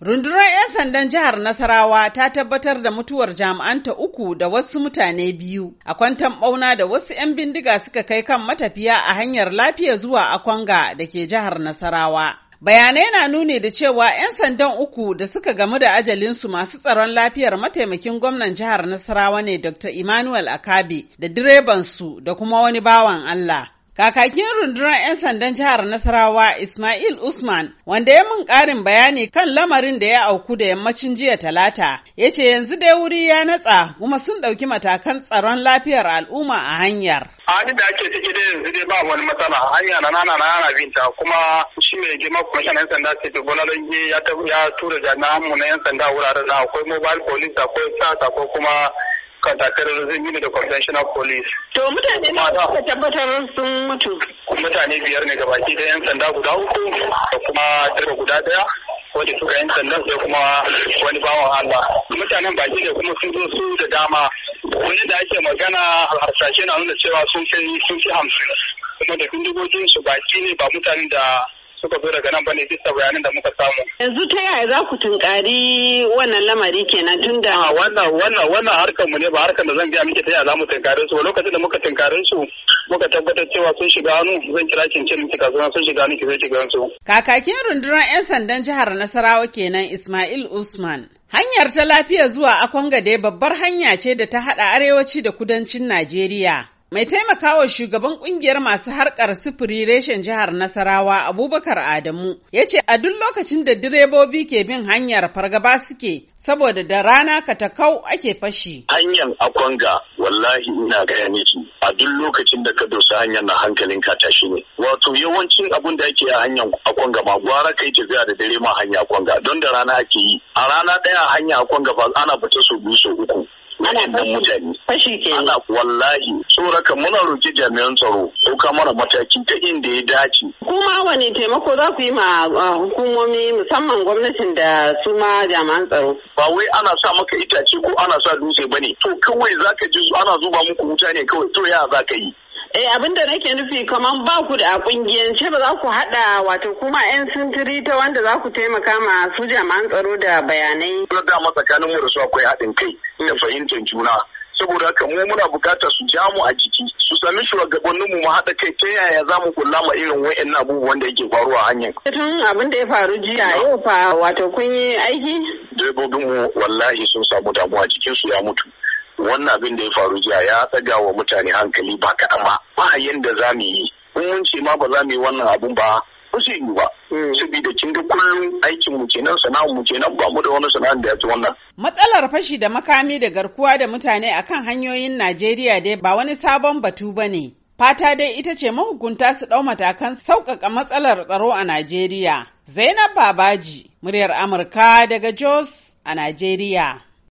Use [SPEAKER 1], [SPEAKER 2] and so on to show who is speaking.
[SPEAKER 1] Rundunar 'yan sandan jihar Nasarawa ta tabbatar da mutuwar jami'anta uku da wasu mutane biyu a kwantan bauna da wasu 'yan bindiga suka kai kan matafiya a hanyar lafiya zuwa Akwanga da ke jihar Nasarawa. Bayanai na nuni da cewa 'yan sandan uku da suka gamu da ajalinsu masu tsaron lafiyar mataimakin gwamnan jihar Nasarawa ne Dr. Emmanuel Akabi da direbansu da kuma wani bawan Allah. Kakakin rundunar 'yan sandan jihar Nasarawa Ismail Usman wanda ya mun ƙarin bayani kan lamarin da ya auku da yammacin jiya talata ya ce yanzu dai wuri ya natsa kuma sun ɗauki matakan tsaron lafiyar al'umma a hanyar.
[SPEAKER 2] Hanyar da ake ciki da yanzu dai ba wani matsala hanya na nana na nana binta kuma shi mai girma kuma 'yan sanda ce ta gona ya tura jami'an mu na 'yan sanda wuraren na akwai mobile police akwai sata ko kuma ɗaukan takarar zai yi da conventional police. To mutane na
[SPEAKER 3] ka tabbatar sun mutu.
[SPEAKER 2] Mutane biyar ne gabaki da yan sanda guda uku da kuma daga guda ɗaya. Wanda suka yan sanda sai kuma wani bawan Allah. Mutanen baki da kuma sun zo su da dama. Wani da ake magana harsashe na nuna cewa sun kai sun fi hamsin. Kuma da bindigogin su baki ne ba mutanen da suka zo daga nan bane bisa bayanan da muka samu.
[SPEAKER 3] Yanzu ta yaya za ku tunkari wannan lamari kenan tun da. Ah, wannan
[SPEAKER 2] wannan wannan harkar mu ne ba harkar da zan biya miki ta yaya za mu tunkare su lokacin da muka tunkare su muka tabbatar cewa sun shiga hannu zan kira kin ce miki kasuwa sun shiga hannu ki zai shiga su.
[SPEAKER 1] Kakakin rundunar 'yan sandan jihar Nasarawa kenan Ismail Usman. Hanyar ta lafiya zuwa Akwanga dai babbar hanya ce da ta haɗa arewaci da kudancin Najeriya. Mai taimakawa shugaban kungiyar masu harkar sufuri reshen jihar Nasarawa Abubakar Adamu ya ce a duk lokacin da direbobi ke bin hanyar fargaba suke saboda da rana katakau ake fashi.
[SPEAKER 2] Hanyar akwanga wallahi ina gaya miki a duk lokacin da ka dosa hanyar na hankalin ka tashi ne. Wato yawancin abun da ake a hanyar akwanga ma gwara kai tafiya da dare ma hanya akwanga don da rana ake yi. A rana ɗaya hanya akwanga ba ana fita so biyu sau uku. wa'annan mutane fashi ke ana wallahi tsoraka muna roki jami'an tsaro ɗauka mara mataki ta inda ya dace kuma wani taimako za ku yi ma uh, hukumomi musamman gwamnatin
[SPEAKER 3] da su ma jami'an tsaro
[SPEAKER 2] ba wai ana sa maka itace ko ana sa dutse ne. to kawai
[SPEAKER 3] zaka ji ana zuba muku wuta ne kawai to ya ka yi Eh abin da nake nufi kamar ba ku da a ce ba za ku hada wato kuma yan sintiri ta wanda za ku taimaka ma su jami'an
[SPEAKER 2] tsaro da bayanai. Kuma ma tsakanin mu da su akwai haɗin kai da fahimtar juna. Saboda haka mu muna buƙatar su ja mu a jiki su sami shugabannin mu mu haɗa kai ta yaya za mu kula ma irin wa'annan abubuwan da yake faruwa a hanyar.
[SPEAKER 3] Tun abin da ya faru jiya yau fa wato kun yi aiki?
[SPEAKER 2] Direbobin mu wallahi sun samu damuwa jikinsu ya mutu. wannan abin da ya faru jiya ya tsaga wa mutane hankali ba kaɗan ba ba yanda za mu yi in ce ma ba za mu yi wannan abun ba ba su yi ba hmm. saboda kin ga kullum aikin mu kenan sana'ar mu kenan ba mu da wani sana'ar da ya ci wannan
[SPEAKER 1] matsalar fashi da makami da garkuwa da mutane akan hanyoyin Najeriya dai ba wani sabon batu bane fata dai ita ce mahukunta su ɗau matakan sauƙaƙa matsalar tsaro a Najeriya. Zainab Babaji, muryar Amurka daga Jos a Najeriya.